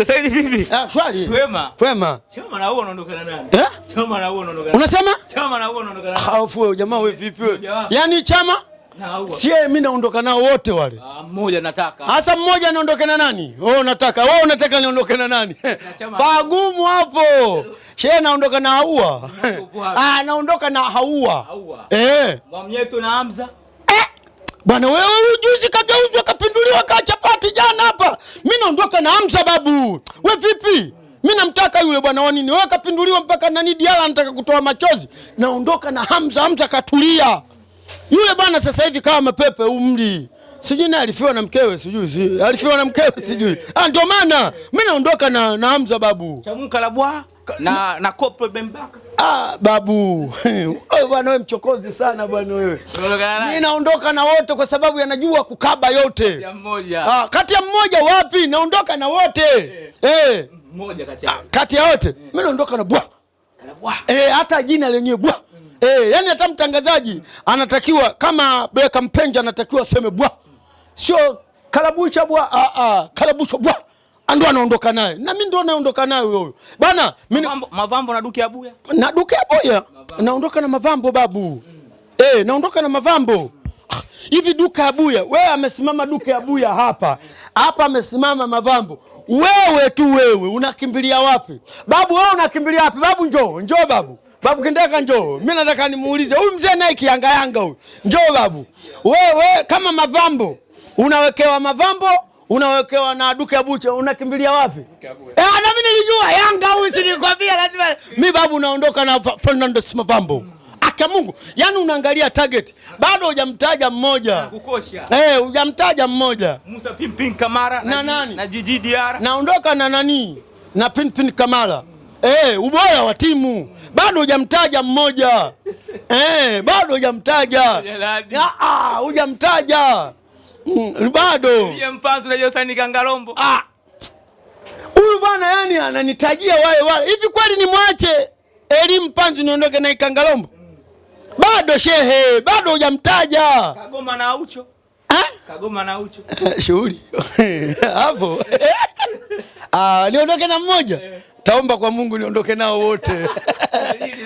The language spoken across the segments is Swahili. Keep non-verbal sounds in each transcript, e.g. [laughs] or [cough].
Mzee hivi vipi? Ah, shwari. Kwema. Kwema. Choma na huo unaondokana nani? Eh? Choma na huo unaondokana. Unasema? Choma na huo unaondokana na. Hofu wewe jamaa wewe vipi wewe? Yaani chama na huo. Si yeye mimi naondoka nao wote wale. Ah, mmoja nataka. Hasa mmoja anaondoka na nani? Wewe unataka. Wewe unataka niondoke na nani? [laughs] Pagumu hapo. Shehe naondoka na haua. Ah, naondoka na haua. Eh. Mwamnyetu na Hamza. Bwana wewe, ujuzi kageuzwa kapinduliwa kaa chapati jana hapa. Mimi naondoka na Hamza babu. We vipi? Mimi namtaka yule bwana wa nini? Wewe kapinduliwa mpaka nani Diala anataka kutoa machozi. Naondoka na Hamza, Hamza katulia. Yule bwana sasa hivi kama pepe umri sijui naye alifiwa na mkewe sijui si alifiwa na mkewe [laughs] sijui ah, ndio maana mimi naondoka na na Hamza babu Chamuka labwa na na kopo Bembaka ah, babu [laughs] bwana wewe mchokozi sana bwana wewe. Mimi naondoka na wote kwa sababu yanajua kukaba yote kati ya mmoja, ah, kati ya mmoja wapi, naondoka na wote eh, eh. Mmoja kati ya ah, kati ya wote mimi eh. naondoka na bwa eh, hata jina lenyewe bwa E, yani hata mtangazaji anatakiwa kama Beka Mpenja anatakiwa aseme bwa, sio karabusha bwa, a a karabusha bwa, ando anaondoka naye, na mimi ndo naondoka naye huyo bana. Mimi mavambo na duki ya buya na duki ya buya naondoka na mavambo babu, eh, naondoka na mavambo ah, hivi duka ya buya, wewe amesimama duka ya buya hapa hapa, amesimama Mavambo. Wewe tu wewe unakimbilia wapi babu? Wewe unakimbilia wapi babu? Njoo njoo babu Babu Kindeka njoo. Mimi nataka nimuulize huyu mzee naye kianga yanga huyu. Njoo babu. Wewe kama mavambo unawekewa mavambo unawekewa na duka bucha unakimbilia wapi? Eh, na mimi nilijua Yanga huyu sinikwambia lazima. Mimi babu naondoka na Fernando Mavambo. Aka Mungu. Yaani unaangalia target. Bado hujamtaja mmoja. Kukosha. Eh, hujamtaja mmoja. Musa Pimpin Kamara na, na nani? Na Jiji Diara. Naondoka na nani? Na Pimpin Kamara eh, ubora wa timu bado hujamtaja mmoja eh, bado hujamtaja hujamtaja ah, ah, mm, bado ah. huyu bwana, yani ananitajia wale wale. Hivi kweli nimwache elimu panzu niondoke na Ikangalombo? Mm. Bado shehe, bado hujamtaja Kagoma na Aucho. Kagoma na uchu. [laughs] Shughuli. [laughs] Hapo. [laughs] Ah, niondoke na mmoja. Eh. Taomba kwa Mungu niondoke nao wote.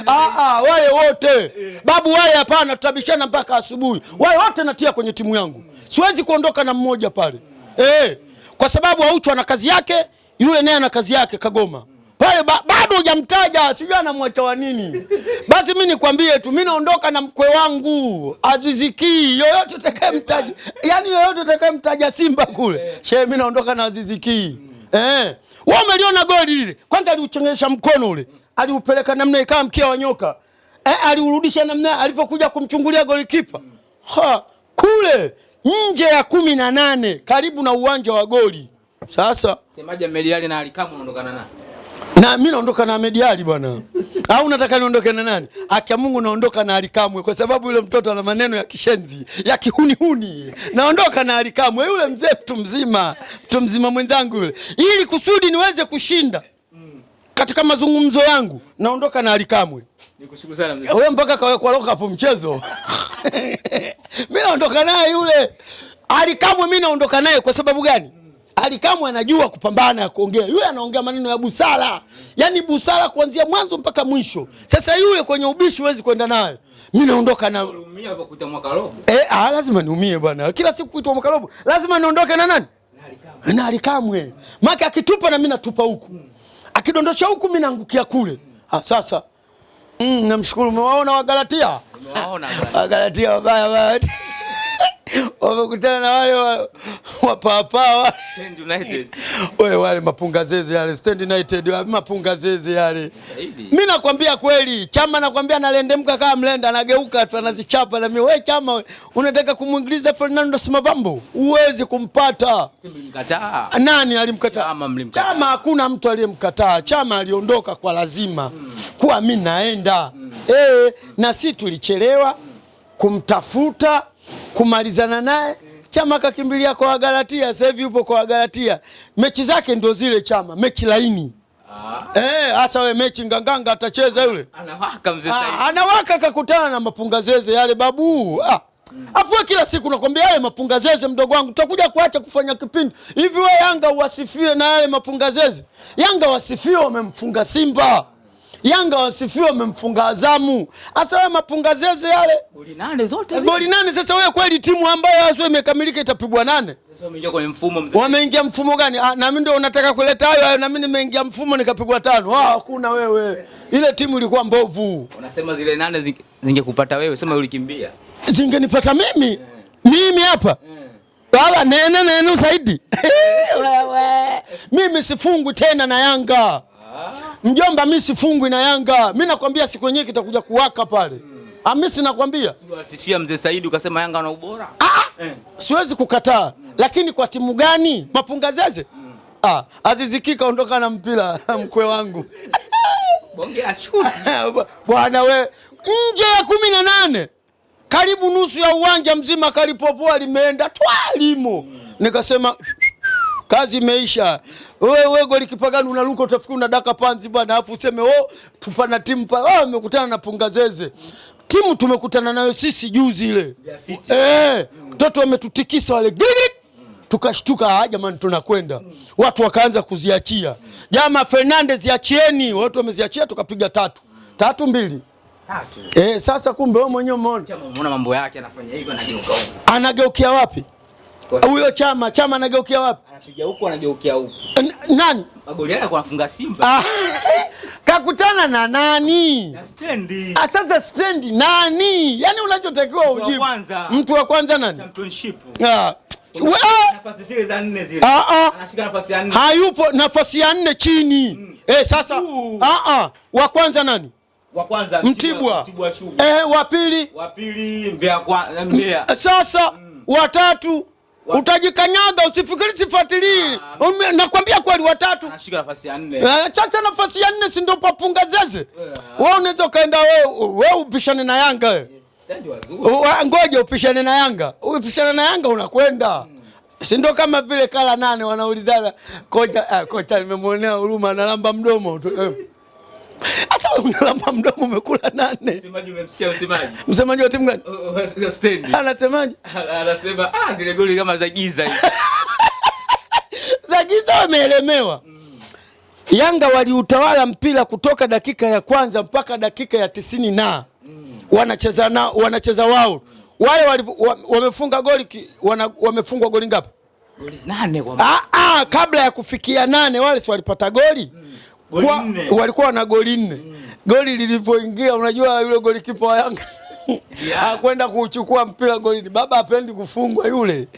Ah, ah, wale wote. Eh. Babu wale hapana, tutabishana mpaka asubuhi. Wale wote natia kwenye timu yangu. Siwezi kuondoka na mmoja pale. Eh, kwa sababu Aucho ana kazi yake, yule naye ana kazi yake Kagoma pale ba, bado hujamtaja, sijui anamwacha wa nini. Basi mi nikwambie tu, mi naondoka na mkwe wangu Aziziki. Yoyote utakayemtaja, yani yoyote utakayemtaja Simba kule shehe, mi naondoka na Aziziki. Eh, wewe umeliona goli lile, kwanza aliuchengesha mkono ule, aliupeleka namna ikawa mkia wa nyoka eh, aliurudisha namna alivyokuja kumchungulia golikipa ha, kule nje ya kumi na nane karibu na uwanja wa goli. Sasa semaje, Meliali na Alikamu anaondokana naye na mimi naondoka na Ahmed Ali bwana. Au unataka niondoke na nani? Haki ya Mungu naondoka na Alikamwe kwa sababu yule mtoto ana maneno ya kishenzi, ya kihuni huni. Naondoka na Alikamwe yule mzee mtu mzima, mtu mzima mwenzangu yule. Ili kusudi niweze kushinda. Katika mazungumzo yangu naondoka na Alikamwe. Nikushukuru sana mzee. Wewe mpaka kawekwa loka hapo mchezo. Mimi [laughs] naondoka naye yule. Alikamwe mimi naondoka naye kwa sababu gani? Ali Kamwe anajua kupambana ya kuongea. Yule anaongea maneno ya busara. yani busara kuanzia mwanzo mpaka mwisho. Sasa yule kwenye ubishi huwezi kwenda naye. Mimi naondoka na niumie hapa kuita mwaka robo. Eh, ah, lazima niumie bwana. Kila siku kuitwa mwaka robo. Lazima niondoke na nani? Na Ali Kamwe. Maki akitupa na mimi natupa huku. Hmm. Akidondosha huku mimi naangukia kule. Hmm. Ah, sasa. Mm, namshukuru umewaona Wagalatia? Umewaona Wagalatia ah, wabaya wabaya. [laughs] wamekutana na wale wapawapawa wale [laughs] wale mapunga zezi yale Stand United wale mapunga zezi yale. Mi nakwambia kweli, chama nakwambia nalendemka kama mlenda, anageuka tu anazichapa na mimi. We chama unataka kumwingiliza Fernando Simavambo, uwezi kumpata. Mlimkataa. Nani alimkataa? Chama mlimkataa. Chama hakuna mtu aliyemkataa. Chama aliondoka kwa lazima. Hmm. Kuwa mi naenda. Hmm. Eh, na si tulichelewa kumtafuta kumalizana naye Chama kakimbilia kwa Galatia, sasa hivi yupo kwa Galatia. Mechi zake ndio zile Chama, mechi laini ah. eh, hasa. E, we mechi nganganga atacheza yule, ah, anawaka mzee ah, Saidi, anawaka kakutana na mapungazeze yale babu ah. Mm. kila siku nakwambia yale mapungazeze mdogo wangu, tutakuja kuacha kufanya kipindi hivi. We Yanga uwasifie na yale mapungazeze. Yanga wasifie, wamemfunga Simba. Yanga wasifiwe, wamemfunga Azamu. Hasa wewe mapunga zeze yale goli nane zote, zile goli nane. Sasa wewe kweli timu ambayo hasa imekamilika itapigwa nane? Sasa wameingia kwenye mfumo mzee, wameingia mfumo gani? Ah, Na mimi ndio unataka kuleta hayo, na mimi nimeingia mfumo nikapigwa tano. Ah, hakuna wewe, ile timu ilikuwa mbovu. Unasema zile nane zingekupata zinge wewe, sema ulikimbia. Zingenipata mimi yeah. mimi hapa yeah. Baba nene nene usaidi. [laughs] wewe, mimi sifungwi tena na Yanga ah. Mjomba, mi sifungwi na Yanga. mi nakwambia siku yenyewe kitakuja kuwaka pale. hmm. mimi sinakwambia. Siwasifia mzee Saidi ukasema Yanga ana ubora. Ah, eh. Siwezi kukataa. hmm. Lakini kwa timu gani? Mapunga Zeze? hmm. Ah, Azizi kaondoka na mpira [laughs] mkwe wangu. [laughs] Bongea chuti. [laughs] Bwana we, nje ya kumi na nane karibu nusu ya uwanja mzima kalipopoa limeenda twalimo. Hmm. Nikasema kazi imeisha. Wewe wewe golikipa gani unaruka utafikiri unadaka panzi bwana, afu useme oh, tupana timu pa oh, umekutana na Pungazeze. Timu tumekutana nayo sisi juzi ile. Eh, mtoto ametutikisa wale tukashtuka ah, jamani, tunakwenda. Watu wakaanza kuziachia, jama Fernandez yachieni, watu wameziachia, tukapiga tatu tatu mbili tatu. Eh, sasa kumbe wewe mwenyewe umeona, mambo yake anafanya hivyo, anageukia wapi? huyo Chama, Chama anageukia wapi? Anapiga huko, anageukia huko. Nani? Magoli yake anafunga Simba. Ah, [laughs] kakutana na nani? Na stendi. Ah, sasa stendi nani? Yaani unachotakiwa ujibu. Mtu wa kwanza nani? Championship. Ah. Nafasi zile za nne zile. Ah ah. Anashika nafasi ya nne. Hayupo nafasi ya nne chini. Mm. Eh, sasa ah ah, wa kwanza nani? Wa kwanza Mtibwa. Mtibwa Sugar. Eh, wa pili? Wa pili Mbeya kwa Mbeya. Sasa mm. watatu utajikanyaga, usifikiri sifuatilii. Ah. Nakwambia kweli, watatu eh, chacha nafasi ya nne, si ndio papunga zeze? Eh, ah. Wewe unaweza ukaenda wewe upishane na Yanga, eh. ngoja upishane na Yanga, upishane na Yanga unakwenda hmm. si ndo kama vile kala nane wanaulizana kocha, ah, kocha nimemwonea huruma namba mdomo tu. Asa unalamba mdomo umekula nane. Msemaji umemsikia msemaji? Msemaji wa timu gani? Oh, oh, oh, stendi. Ah, anasemaje? Ah, anasema ah, zile goli kama za giza hizo. [laughs] Za giza wameelemewa. Mm. Yanga waliutawala mpira kutoka dakika ya kwanza mpaka dakika ya tisini na mm. wanacheza na wanacheza wao. Mm. Wale wamefunga goli ki, wana, wamefungwa goli ngapi? Goli nane kwa. Ah, ah, kabla ya kufikia nane wale si walipata goli. Mm kwa, walikuwa na goli nne mm. Goli lilivyoingia, unajua yule goli kipa wa Yanga yeah. [laughs] akwenda kuchukua mpira golini, baba apendi kufungwa yule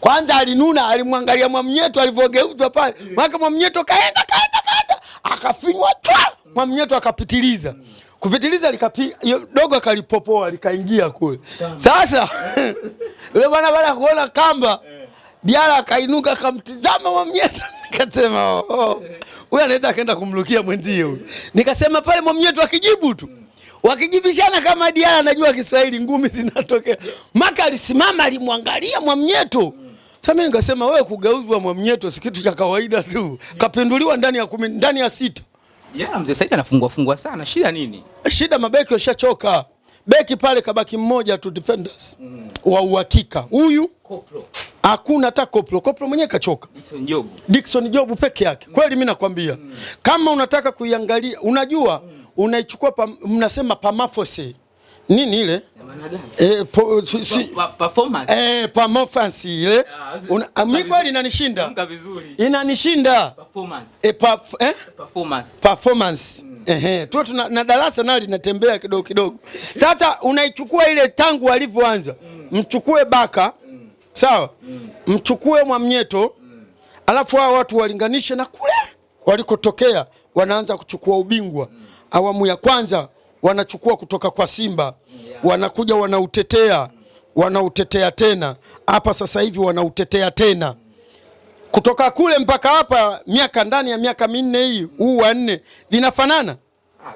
Kwanza alinuna, alimwangalia Mwamnyeto alivyogeuzwa pale maka Mwamnyeto kaenda kaenda kaenda akafinywa twa Mwamnyeto akapitiliza mm. kupitiliza likapi dogo akalipopoa likaingia kule sasa [laughs] yule bwana baada ya kuona kamba eh. Diara akainuka akamtizama Mwamnyeto Nikasema oh, oh, huyu anaweza akaenda kumlukia mwenzie huyu. Nikasema pale mwamnyetu akijibu tu wakijibishana kama Diara anajua Kiswahili, ngumi zinatokea. Maka alisimama alimwangalia Mwamnyeto. Sasa mimi nikasema wewe, kugeuzwa Mwamnyeto si kitu cha kawaida tu, kapinduliwa ndani ya kumi, ndani ya sita. Mzee Saidi anafungwa fungwa sana, shida nini? Shida mabeki washachoka beki pale kabaki mmoja tu defenders mm. wa uhakika huyu hakuna hata koplo. Koplo mwenyewe kachoka. Dickson Jobu, Dickson Jobu peke yake mm. Kweli mimi nakwambia mm. kama unataka kuiangalia, unajua mm. unaichukua, mnasema pamafose nini ile eh, po, eh, si, pa, pa, eh, performance ile mimi kweli inanishinda inanishinda performance eh, pa, eh? Mm. na darasa nalo linatembea kidogo kidogo. Sasa unaichukua ile tangu alivyoanza mm. mchukue Baka mm. sawa mm. mchukue Mwamnyeto mm. alafu hao watu walinganishe na kule walikotokea, wanaanza kuchukua ubingwa mm. awamu ya kwanza wanachukua kutoka kwa Simba, wanakuja wanautetea, wanautetea tena hapa sasa hivi wanautetea tena kutoka kule mpaka hapa, miaka ndani ya miaka minne hii huu wanne vinafanana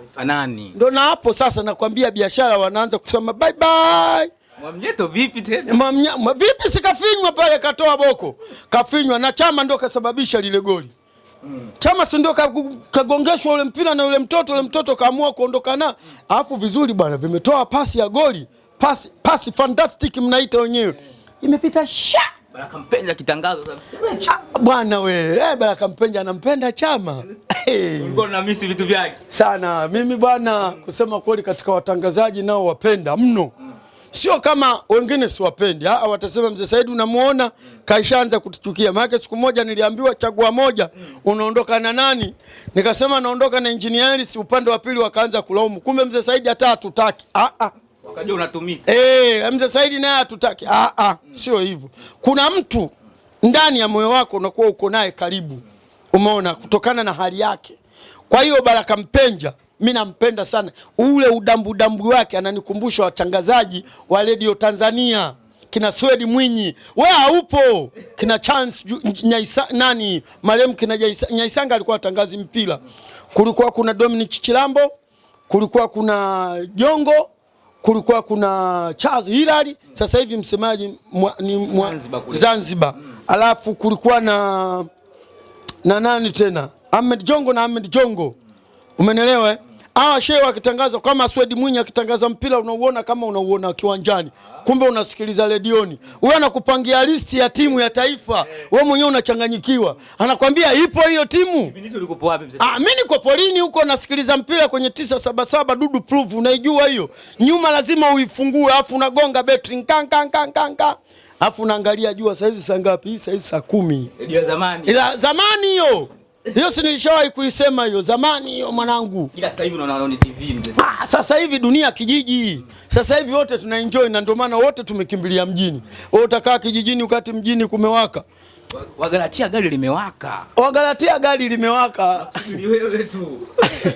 vifanani. Ndo na hapo sasa nakwambia biashara wanaanza kusema bye bye. Mwamnyeto vipi tena? Mwamnyeto vipi? Sikafinywa pale, katoa boko, kafinywa na chama, ndo kasababisha lile goli mm. Chama si ndio kagongeshwa ule mpira na ule mtoto, ule mtoto kaamua kuondokana, alafu vizuri bwana, vimetoa pasi ya goli, pasi pasi fantastic mnaita wenyewe, imepita sha Baraka kitangazo sasa. Bwana we, eh, Baraka Mpenja anampenda Chama. [laughs] Ulikuwa miss vitu vyake. Sana, mimi bwana kusema kweli katika watangazaji nao wapenda mno. Mm. Sio kama wengine siwapendi, ah, watasema mzee Said unamuona kaishaanza kutuchukia. Maana siku moja niliambiwa chagua moja, unaondoka na nani? Nikasema naondoka na si upande wa pili wakaanza kulaumu. Kumbe mzee Said hata hatutaki. Ah ah. Wakajua unatumika. Eh, mzee Said naye hatutaki. Ah ah, sio hivyo. Kuna mtu ndani ya moyo wako unakuwa uko naye karibu. Umeona kutokana na hali yake. Kwa hiyo Baraka Mpenja mi nampenda sana, ule udambudambu wake ananikumbusha watangazaji wa redio Tanzania kina Swedi Mwinyi, we haupo, kina Chance Nyaisa, nani marehemu kina Nyaisanga alikuwa atangazi mpira. Kulikuwa kuna Dominic Chilambo, kulikuwa kuna Jongo, kulikuwa kuna Charles Hilali, sasa hivi msemaji mwa, ni mwa, Zanzibar, Zanzibar. Mm. Alafu kulikuwa na na nani tena Ahmed Jongo na Ahmed Jongo, umenelewa eh? Ah, shehe wakitangaza kama Swedi Mwinyi akitangaza mpira unauona kama unauona kiwanjani, kumbe unasikiliza redioni. Wewe anakupangia listi ya timu ya taifa, wewe mwenyewe unachanganyikiwa. Anakwambia ipo hiyo timu. Ah, mimi niko polini huko nasikiliza mpira kwenye 977 dudu proof, unaijua hiyo. Nyuma lazima uifungue, afu unagonga betri kan kan kan kan. Afu unaangalia jua hizi saa ngapi? hizi saa 10. Ndio zamani. Ila zamani hiyo hiyo si nilishawahi kuisema hiyo zamani hiyo mwanangu, ila sasa hivi unaona ni TV mzee. Ah, sasa hivi dunia kijiji, sasa hivi wote tuna enjoy na ndio maana wote tumekimbilia mjini. Wewe utakaa kijijini ukati mjini kumewaka. Wagalatia gari limewaka, Wagalatia gari limewaka. Ni wewe tu.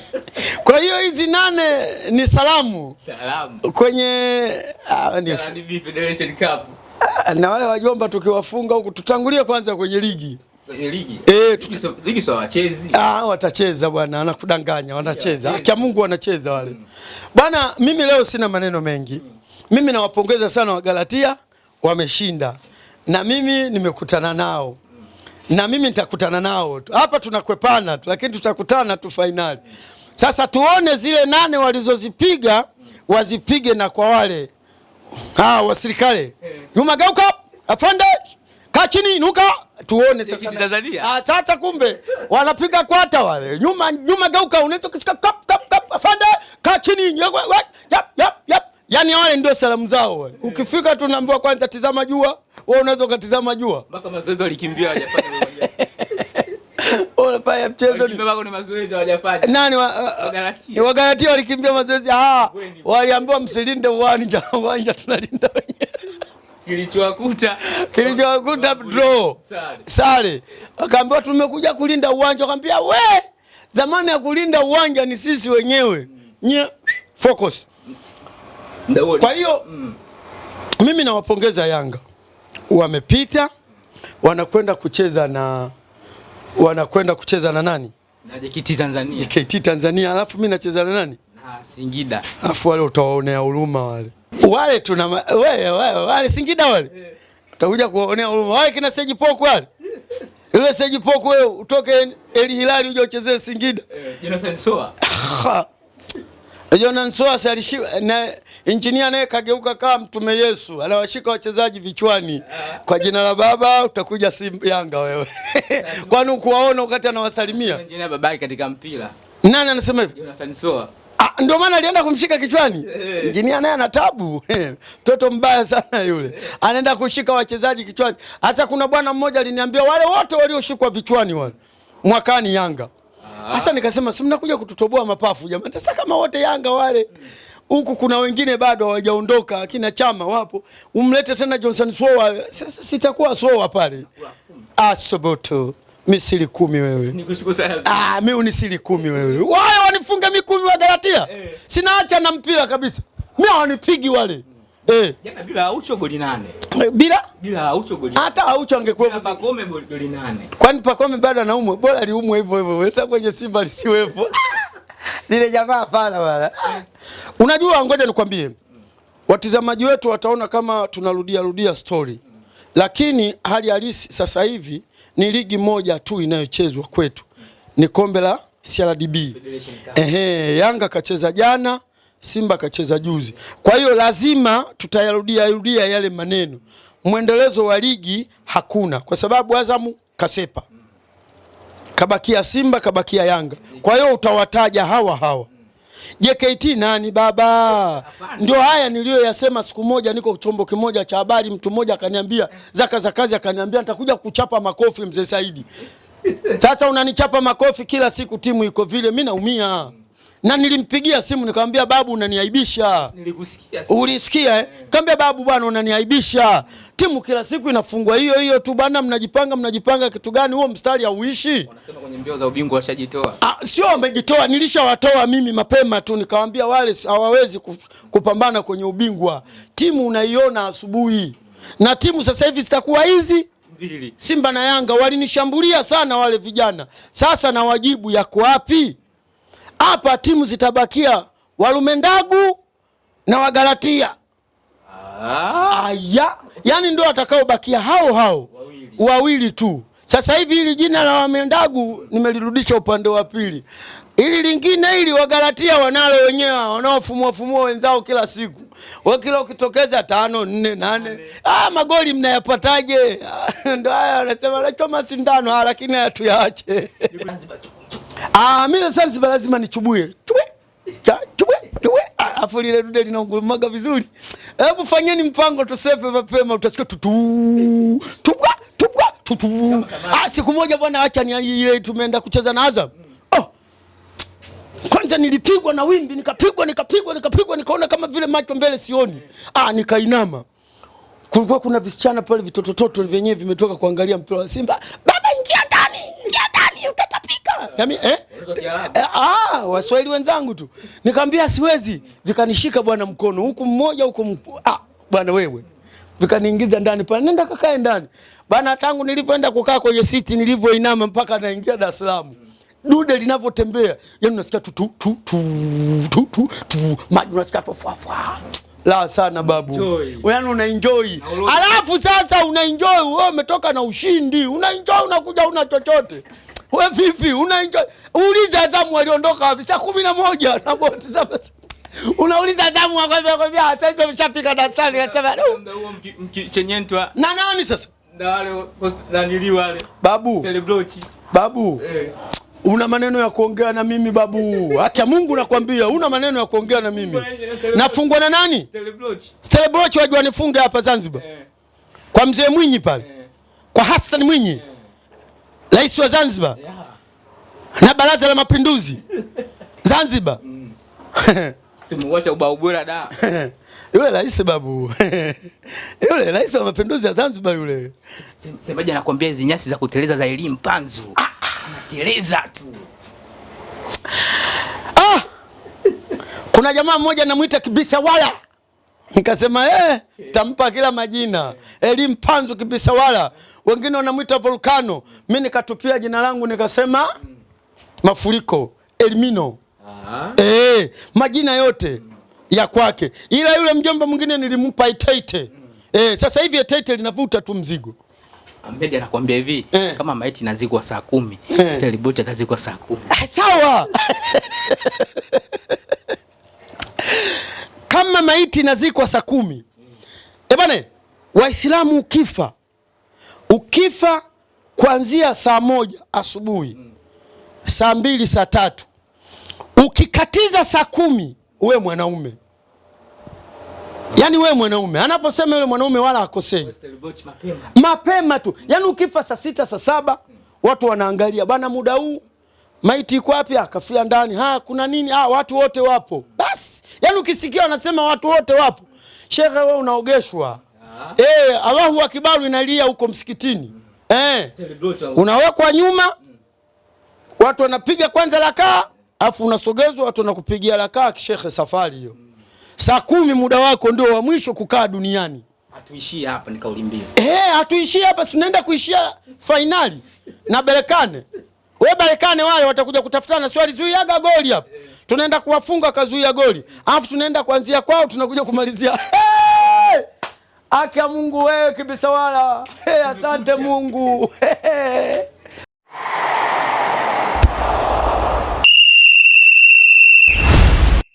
[laughs] Kwa hiyo hizi nane ni salamu, salamu kwenye ah, yaani Federation Cup ah, na wale wajomba tukiwafunga huku, tutangulie kwanza kwenye ligi Eh, ah, watacheza bwana, wanakudanganya, wanacheza. akia Mungu wanacheza wale. Mm. Bwana, mimi leo sina maneno mengi. Mimi nawapongeza sana Wagalatia wameshinda. Na mimi nimekutana nao. Na mimi nitakutana nao. Hapa tunakwepana tu, lakini tutakutana tu fainali. Sasa tuone zile nane walizozipiga wazipige na kwa wale. Ah, wasirikale. Eh. Nyuma afande. Kaa chini inuka tuone sasa. Ah, tata kumbe wanapiga kwata wale. Nyuma nyuma geuka unaweza kushika kap kap kap afande kaa chini. Yap yap yap. Yaani wale ndio salamu zao wale. Eh. Ukifika tunaambiwa kwanza tizama jua. Wewe unaweza ukatizama jua. Mpaka mazoezi walikimbia hawajapata moja. Ona paya [laughs] mchezo ni mbona ni mazoezi hawajafanya. Nani wa uh, uh, Wa Wagalatia walikimbia mazoezi. Ah, waliambiwa msilinde uwanja, [laughs] uwanja tunalinda wenyewe. Kilichowakuta kilichowakuta draw sare, akaambiwa tumekuja kulinda uwanja, akaambia we, zamani ya kulinda uwanja ni sisi wenyewe mm. nye focus. Kwa hiyo mm, mimi nawapongeza Yanga, wamepita wanakwenda kucheza na wanakwenda kucheza na nani na JKT Tanzania, JKT Tanzania, alafu mimi nacheza na nani na Singida, alafu wale utawaonea huruma wale wale tuna wewe wewe wale Singida wale eh. utakuja kuonea huruma wale kina Seji Poku wale ile Seji Poku wewe utoke El Hilali uje uchezee Singida. Eh, Jonathan Soa [laughs] eh, Jonathan Soa alishi na engineer naye kageuka kama mtume Yesu, anawashika wachezaji vichwani ah. kwa jina la Baba. Utakuja Simba Yanga wewe [laughs] kwani ukuwaona wakati anawasalimia engineer babaki katika mpira. Nani anasema hivyo? Jonathan Soa ndio maana alienda kumshika kichwani. Eh. Injinia naye ana tabu. Eh, mtoto mbaya sana yule. Eh. Anaenda kushika wachezaji kichwani. Hata kuna bwana mmoja aliniambia wale wote walioshikwa vichwani wale. Mwakani Yanga. Ah. Sasa nikasema si mnakuja kututoboa mapafu jamani. Sasa kama wote Yanga wale huku kuna wengine bado hawajaondoka akina Chama wapo. Umlete tena Johnson Sowa. Sasa sitakuwa Sowa pale. Asoboto mi siri kumi wewe. Nikushukuru sana. Ah, mi unisiri kumi wewe. Wao wanifunga mi kumi wa Galatia. Eh. Sinaacha na mpira kabisa. Mi hawanipigi wale. Eh. Jana bila Aucho goli nane. Eh, bila? Bila Aucho goli. Hata Aucho angekuwa bila Pakome goli nane. Kwani Pakome bado anaumwa? Bora aliumwa hivyo hivyo. Hata kwenye Simba lisiwepo. [laughs] Lile jamaa hapana bwana. Eh. Unajua ngoja nikwambie. Watizamaji wetu wataona kama tunarudia rudia story. Mm. Lakini hali halisi sasa hivi ni ligi moja tu inayochezwa kwetu, ni kombe la CRDB. Ehe, Yanga kacheza jana, Simba kacheza juzi. Kwa hiyo lazima tutayarudia rudia yale maneno. Mwendelezo wa ligi hakuna, kwa sababu Azamu kasepa, kabakia Simba, kabakia Yanga. Kwa hiyo utawataja hawa hawa JKT nani baba? Ndio haya niliyoyasema. Siku moja niko chombo kimoja cha habari, mtu mmoja akaniambia zaka za kazi, akaniambia nitakuja kuchapa makofi mzee Saidi. Sasa unanichapa makofi kila siku, timu iko vile, mi naumia na nilimpigia simu nikamwambia, babu, unaniaibisha. Nilikusikia ulisikia eh? Kaambia babu, bwana, unaniaibisha timu kila siku inafungwa hiyo hiyo tu bana, mnajipanga mnajipanga kitu gani? Huo mstari hauishi. Wanasema kwenye mbio za ubingwa washajitoa. Ah, sio wamejitoa, nilishawatoa mimi mapema tu, nikawaambia wale hawawezi kupambana kwenye ubingwa. Timu unaiona asubuhi, na timu sasa hivi zitakuwa hizi Simba na Yanga walinishambulia sana wale vijana, sasa na wajibu yako wapi? Hapa timu zitabakia Walumendagu na Wagalatia. Ah. Aya yani ndio atakaobakia hao hao wawili, wawili tu. Sasa hivi hili jina la Wamendagu nimelirudisha upande wa pili, ili lingine ili Wagalatia wanalo wenyewe, wanaofumua fumua wenzao kila siku wakila ukitokeza tano nne nane, ah, magoli mnayapataje? Ah, Ndo haya wanasema nachoma sindano, ah, lakini haya tuyaache. Ah, Zanzibar lazima nichubue chubwe chubwe chubwe [laughs] afu lile dude linagumaga vizuri. Hebu fanyeni mpango tusepe mapema, utasikia tutu tubwa tubwa tutu. Ah, siku moja bwana, acha ni ile tumeenda kucheza na Azam. Oh. kwanza nilipigwa na wimbi, nikapigwa nikapigwa nikapigwa, nikaona kama vile macho mbele sioni. Ah, nikainama kulikuwa kuna visichana pale vitotototo vyenyewe vimetoka kuangalia mpira wa Simba na mimi eh? eh, ah, Waswahili wenzangu tu, nikamwambia siwezi, vikanishika bwana mkono huku mmoja huku, ah bwana wewe, vikaniingiza ndani pale, nenda kakae ndani bana. Tangu nilivyoenda kukaa kwenye siti, nilivyoinama mpaka naingia Dar es Salaam dude linavyotembea, yani unasikia tu tu tu tu tu maji, unasikia tu fwa fwa la sana babu, yaani enjoy. Alafu sasa una enjoy, wewe, umetoka na ushindi, una enjoy, unakuja una chochote wewe vipi unaenjoy? Uliza Azamu aliondoka wapi? Saa kumi na moja na boti za unauliza Azamu akwambia sasa hizo darasani, na nani sasa na wale wale babu teleblochi babu eh. Una maneno ya kuongea na mimi babu? Haki Mungu nakwambia, una maneno ya kuongea na mimi. Nafungwa na nani? Telebloch. Telebloch wajua nifunge hapa Zanzibar. Eh. Kwa mzee Mwinyi pale. Eh. Kwa Hassan Mwinyi. Eh rais wa Zanzibar yeah. na baraza la mapinduzi [laughs] Zanzibar mm. da [laughs] yule rais babu [laughs] yule rais wa mapinduzi ya Zanzibar yule, semaje, anakuambia hizo nyasi za kuteleza za elimu panzu ah! anateleza tu ah. kuna jamaa mmoja anamwita kibisa wala Nikasema eh, tampa kila majina elimu panzu kibisa, wala wengine wanamwita volcano, Mimi nikatupia jina langu nikasema mafuriko elmino. Eh, majina yote ya kwake, ila yule mjomba mwingine nilimpa etaite. Eh, sasa hivi etaite linavuta tu mzigo Mbega anakuambia hivi eh, kama maiti inazikwa saa kumi eh, Steli Bucha atazikwa saa kumi ah, sawa [laughs] kama maiti inazikwa saa kumi ebane, eh, Waislamu ukifa ukifa kuanzia saa moja asubuhi saa mbili saa tatu ukikatiza saa kumi we mwanaume Yaani we mwanaume anaposema yule mwanaume wala akosei mapema tu. Yaani ukifa saa sita saa saba watu wanaangalia bana, muda huu maiti iko wapi? Akafia ah, ndani. Haya, ah, kuna nini? Ha, ah, watu wote wapo basi. Yaani ukisikia wanasema watu wote wapo, shekhe, wewe unaogeshwa. Ah. Eh, Allahu akibaru inalia huko msikitini. Eh, unawekwa nyuma, watu wanapiga kwanza rakaa, afu unasogezwa, watu wanakupigia rakaa. Shekhe, safari hiyo saa kumi muda wako ndio wa mwisho kukaa duniani. Hatuishii hapa, ni kauli mbili. Eh, hatuishii hapa, si unaenda kuishia fainali na belekane We Barekani wale watakuja kutafutana, si walizuiaga goli hapo, eh. tunaenda kuwafunga kazuia goli, alafu tunaenda kuanzia kwao tunakuja kumalizia Aki ya Mungu wewe kibisa wala. Hey, asante Mungu. hey.